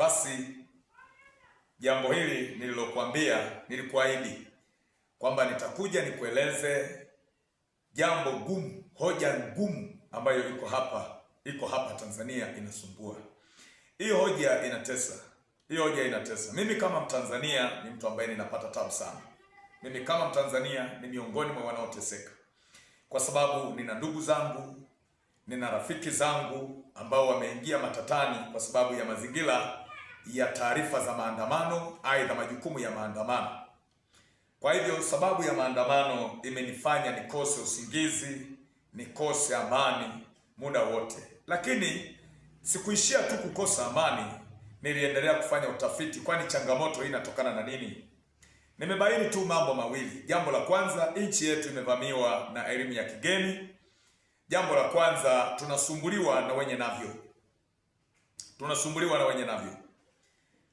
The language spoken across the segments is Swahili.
Basi jambo hili nililokuambia, nilikuahidi kwamba nitakuja nikueleze jambo gumu, hoja ngumu ambayo iko hapa, iko hapa Tanzania inasumbua. hiyo hoja inatesa, hiyo hoja inatesa. Mimi kama Mtanzania ni mtu ambaye ninapata tabu sana. Mimi kama Mtanzania ni miongoni mwa wanaoteseka, kwa sababu nina ndugu zangu, nina rafiki zangu ambao wameingia matatani kwa sababu ya mazingira ya taarifa za maandamano, aidha majukumu ya maandamano. Kwa hivyo sababu ya maandamano imenifanya nikose usingizi, nikose amani muda wote, lakini sikuishia tu kukosa amani, niliendelea kufanya utafiti, kwani changamoto hii inatokana na nini? Nimebaini tu mambo mawili. Jambo la kwanza, nchi yetu imevamiwa na elimu ya kigeni. Jambo la kwanza, tunasumbuliwa na wenye navyo, tunasumbuliwa na wenye navyo.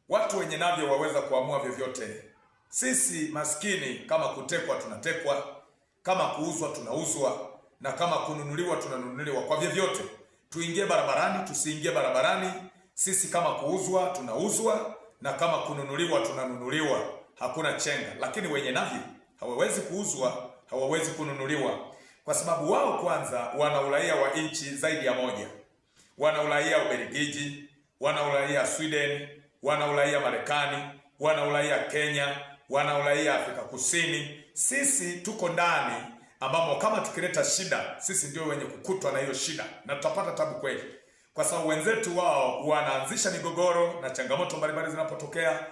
Watu wenye navyo waweza kuamua vyovyote. Sisi maskini, kama kutekwa tunatekwa, kama kuuzwa tunauzwa, na kama kununuliwa tunanunuliwa. Kwa vyovyote, tuingie barabarani, tusiingie barabarani, sisi kama kuuzwa tunauzwa, na kama kununuliwa tunanunuliwa, hakuna chenga. Lakini wenye navyo hawawezi kuuzwa, hawawezi kununuliwa, kwa sababu wao kwanza wana uraia wa nchi zaidi ya moja. Wana uraia Ubelgiji, wana uraia Sweden wana uraia Marekani, wana uraia Kenya, wana uraia Afrika Kusini. Sisi tuko ndani, ambapo kama tukileta shida sisi ndio wenye kukutwa na hiyo shida na tutapata tabu kweli, kwa sababu wenzetu wao wanaanzisha migogoro na changamoto mbalimbali zinapotokea.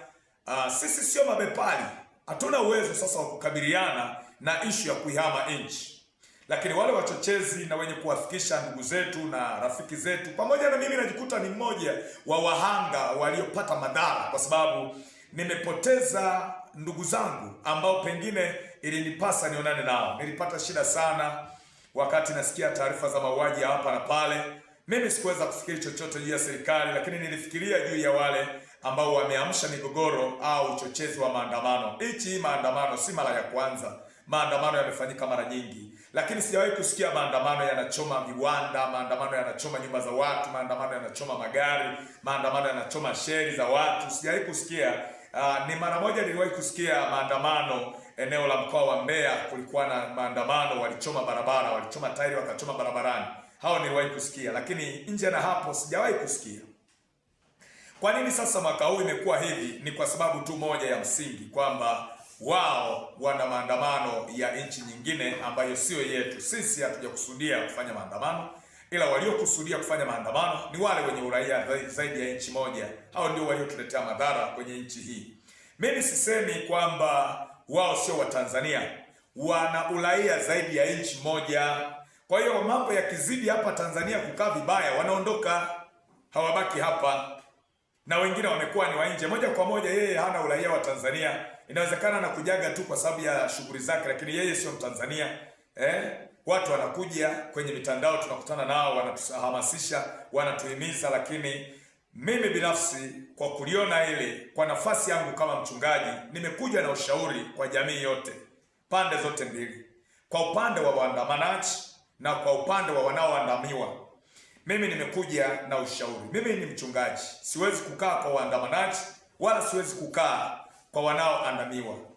Uh, sisi sio mabepari, hatuna uwezo sasa wa kukabiliana na ishu ya kuihama nchi lakini wale wachochezi na wenye kuwafikisha ndugu zetu na rafiki zetu, pamoja na mimi najikuta ni mmoja wa wahanga waliopata madhara, kwa sababu nimepoteza ndugu zangu ambao pengine ilinipasa nionane nao. Nilipata shida sana wakati nasikia taarifa za mauaji hapa na pale. Mimi sikuweza kufikiri chochote juu ya serikali, lakini nilifikiria juu ya wale ambao wameamsha migogoro au uchochezi wa maandamano. Hichi maandamano si mara ya kwanza Maandamano yamefanyika mara nyingi, lakini sijawahi kusikia maandamano yanachoma viwanda, maandamano yanachoma nyumba za watu, maandamano yanachoma magari, maandamano yanachoma sheri za watu. Sijawahi kusikia uh, ni mara moja niliwahi kusikia maandamano eneo la mkoa wa Mbeya, kulikuwa na maandamano, walichoma barabara, walichoma tairi, wakachoma barabarani. Hao niliwahi kusikia, lakini nje na hapo sijawahi kusikia. Kwa nini sasa mwaka huu imekuwa hivi? Ni kwa sababu tu moja ya msingi kwamba wao wana maandamano ya nchi nyingine ambayo siyo yetu. Sisi hatujakusudia kufanya maandamano, ila waliokusudia kufanya maandamano ni wale wenye uraia zaidi ya nchi moja. Hao ndio waliotuletea madhara kwenye nchi hii. Mimi sisemi kwamba wao sio Watanzania, wana uraia zaidi ya nchi moja. Kwa hiyo mambo yakizidi hapa Tanzania kukaa vibaya, wanaondoka, hawabaki hapa, na wengine wamekuwa ni wa nje moja kwa moja. Yeye hana uraia wa Tanzania Inawezekana anakujaga tu kwa sababu ya shughuli zake, lakini yeye sio Mtanzania eh? Watu wanakuja kwenye mitandao, tunakutana nao, wanatuhamasisha, wanatuhimiza, lakini mimi binafsi kwa kuliona ile, kwa nafasi yangu kama mchungaji, nimekuja na ushauri kwa jamii yote, pande zote mbili, kwa upande wa waandamanaji na kwa upande wa wanaoandamiwa. Mimi nimekuja na ushauri. Mimi ni mchungaji, siwezi kukaa kwa waandamanaji wala siwezi kukaa kwa wanaoandamiwa.